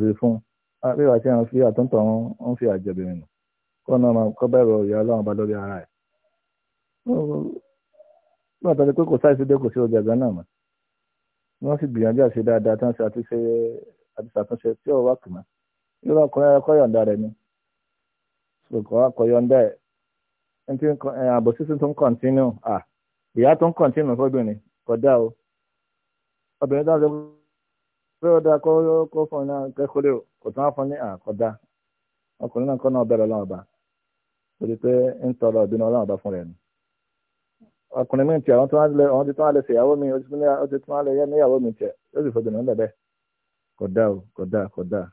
ṣe fún un bí wàá ṣe àwọn fi àtúntọ̀ wọn ń fi àjẹbìnrin nù kó náà máa kọ́ bẹ̀rù ìyá ọlọ́run bá lórí ara ẹ̀. nígbà tó ti pé kò sáìsí dé kò sí ọjà gan náà mọ́ wọ́n sì gbìyànjú àṣe dáadáa tí wọ́n ṣe àtúnṣe àtúnṣe tí ò wá kùnà irú ọkùnrin ẹ̀kọ́ yọ̀ǹda rẹ̀ ni kò yọ̀ǹda ẹ̀ àbò sísun tó ń kọ̀ntínú ìyá tó ń kọ̀ntínú fóbìnrin kọjá o obìnrin tó ń pé ó dáa kó kó fún ní kẹ́kọ̀ọ́lẹ́ kò tún á fún ní àkọ́dá ọkùnrin náà kọ́ náà bẹ̀rẹ̀ ọlọ́run ọba torí pé ń tọrọ ọ̀dún ọlọ́run ọba fún rẹ̀ ni ọkùnrin mi tiẹ̀ wọ́n ti tún á lè ṣèyàwó mi ó ti tún á lè yẹ níyàwó mi tiẹ̀ ó sì fọdùn ní ọ̀dẹ̀ bẹ́ẹ̀ kò dáa kò dáa kò dáa